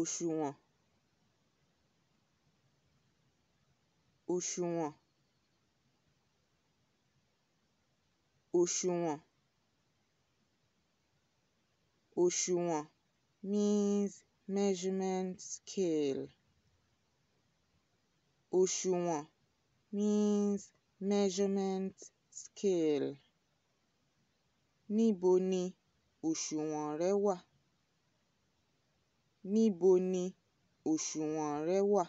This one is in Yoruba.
òṣùwọ̀n òṣùwọ̀n òṣùwọ̀n òṣùwọ̀n means measurement scale òṣùwọ̀n means measurement scale níbo ni òṣùwọ̀n rẹ wà Níbo ni òṣùwọ̀n rẹ wà?